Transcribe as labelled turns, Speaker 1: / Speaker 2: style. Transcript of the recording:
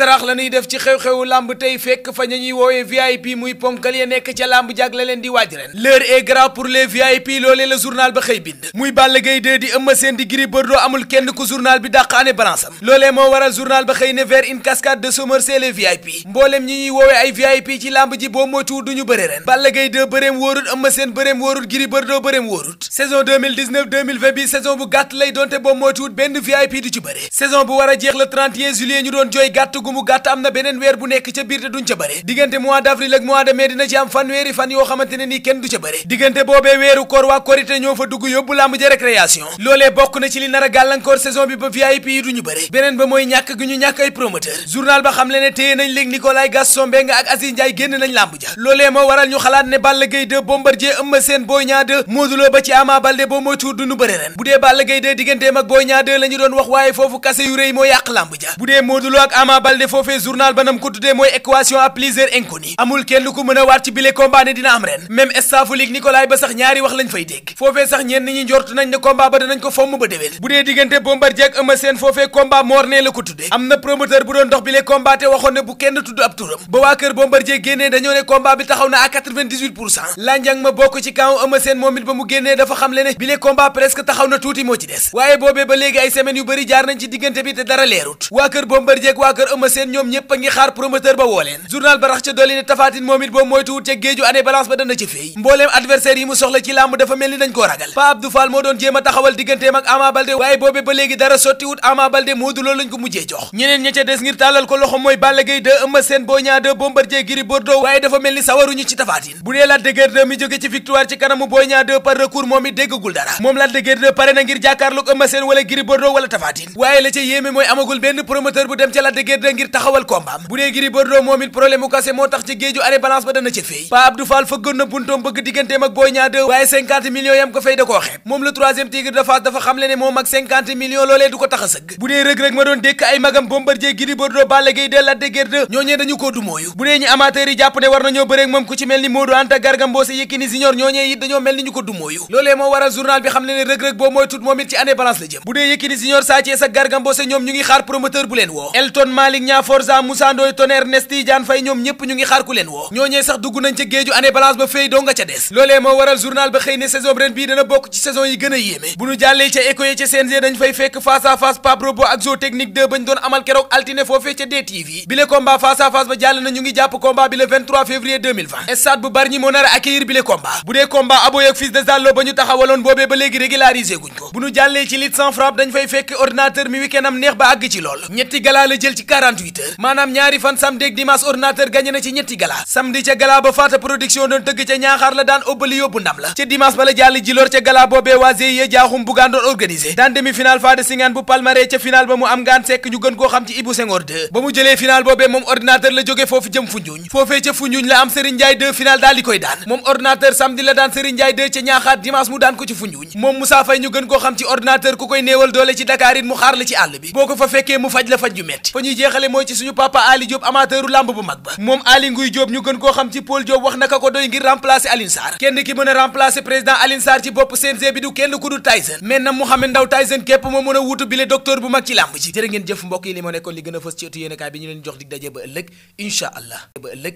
Speaker 1: sarax la ñuy def ci xew-xewu lamb tey fekk fa ña ñuy woowee VIP muy ponkal ya nekk ca lamb jag la leen di waaj ren l'heure est grave pour les VIP loolee la journal ba xëy bind muy Balla Gaye 2 di Eumeu Sène di Gris Bordeaux amul kenn ku journal bi dàq ane balance am moo waral journal ba xëy ne vers une cascade de chômeurs VIP mboolem ñi ñuy woowee ay VIP ci lamb ji boo moytuwul duñu bëre ren Balla Gaye 2 bëreem wóorut Eumeu Sène bëreem wóorut Gris Bordeaux bëreem wóorut gu mu gàtt am na beneen weer bu nekk ca biir te ca bëre diggante mois d'avril ak mois de mai ci am fanweeri fan yoo xamante ne kenn du ca bëre diggante boobee weeru koor waa korite ñoo fa bëre beneen ba mooy ñàkk gi ñu ñàkk ay promoteur journal ba xam ne téye nañ léeg Nicolas Gaston Mbengue ak Aziz Ndiaye génn nañ làmb ja loolee moo waral ñu xalaat ne Balla Gaye 2 Bombardier Eumeu Sène Boy Niang 2 Modou ba ci Ama Baldé boo mooy tuur duñu bëre de foofee journal ba ko tuddee mooy équation à plusieurs inconnues amul kenn lu mën a waat ci bile combat ne dina am ren même staffu Luc Nicolaï ba sax ñaari wax lañ fay dégg foofee sax ñenn ñi njort nañ ne combat ba danañ ko fomm ba déwén bu dee diggante Bombardier ak Eumeu Sène foofee combat la ko tuddee am na promoteur bu doon dox bile combat te waxoon ne bu kenn tudd ab turam ba waa kër Bombardier génnee dañoo ne combat bi taxaw na Eumeu Sène ñoom ñépp a ngi xaar promoteur moom it boobu moytuwut ca géeju année balance ba dana ci feey mbooleem adversaire yi mu soxla ci làmb dafa mel ni dañ koo ragal Pa Abdou Fall moo doon jéem a taxawal digganteem ak Ama Baldé waaye boobe ba léegi dara sottiwut Ama Baldé Modou Lo lañ ko mujjee jox ñeneen ña ca des ngir tàllal ko loxo mooy Balla Gaye 2 Eumeu Sène Boy Niang 2 Bombardier Gris Bordeaux waaye dafa mel ni sawaruñu ci Tapha bu dee Lac de Guiers 2 jóge ci victoire ci kanamu ngir taxawal kombaam bu dee Gris Bordeaux moom it problème mu kase moo tax ci géeju arrêt balance ba dana ca feey Pa Abdou Fall fëggoon na buntoom bëgg digganteem ak Boy Niang 2 waaye 50 millions yam ko fay da koo xeeb moom le troisième tigre de Fass dafa xamle ne moom ak 50 millions loolee du ko tax a sëgg bu dee rëg-rëg ma doon dékk ay magam Bombardier Gris Bordeaux Balla Gaye de Lac de Guiers 2 ñooñee dañu koo du mooyu bu dee ñi amateur yi jàpp ne war Malick Niang Forza Moussa Nesti Diane Faye ñoom ñëpp ñu ngi xaar ku leen woo sax dugg nañ ca géeju année balance ba fay doo nga ca des loolee moo waral journal ba xëy ne saison bi dana bokk ci saison yi gën a yéeme bu ñu jàllee ca éco ca CNG dañ fay fekk face à face Pape Robo ak Zo Technique 2 doon amal keroog altine foofee ca DTV bile combat face à ba jàll na ñu ngi jàpp combat bi le 23 février 2020 stade bu Bargny moo nar a accueillir bile combat bu dee combat Aboy ak fils ñu taxawaloon boobee ba léegi régularisé guñ ko bu ñu 48 heures maanaam ñaari fan samedi ordinateur gagné na ci ñetti gala samedi ca gala ba faata production doon tëgg ca ñaaxaar la daan ëbbali yóbbu ndam la ca dimanche ba la jàll jiloor ca gala boobee waa GIE jaaxum bugaan doon daan demi final faada singaan bu palmarès ca final ba mu am ngaan sekk ñu gën koo xam ci Ibou Senghor 2 ba mu jëlee final boobee moom ordinateur la jóge foofu jëm Foundiougne foofee ca Foundiougne la am Serigne Ndiaye 2 final daal koy jaaxale mooy ci suñu papa Ali Diop amateuru lamb bu mag ba moom Ali Nguy Diop ñu gën koo xam ci Paul Diop wax naka ko doy ngir remplacer Alioune Sarr kenn ki mën a remplacer président Alioune Sarr ci bopp CNG bi du kenn ku dul Tyson mais nag Mouhamed Ndao Tyson moo mën a wuutu bile docteur bu mag ci lamb ji jërë ngeen jëf mbokk yi li moo gën a fës ci ëttu yéenekaay bi ñu leen jox dig daje ba ëllëg incha allah